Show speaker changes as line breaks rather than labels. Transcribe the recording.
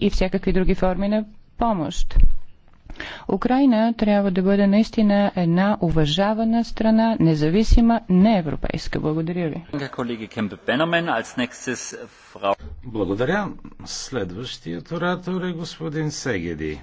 и всякакви други форми на помощ. Украина трябва да бъде наистина една уважавана страна, независима, не европейска. Благодаря ви.
Благодаря. Следващият оратор е господин Сегеди.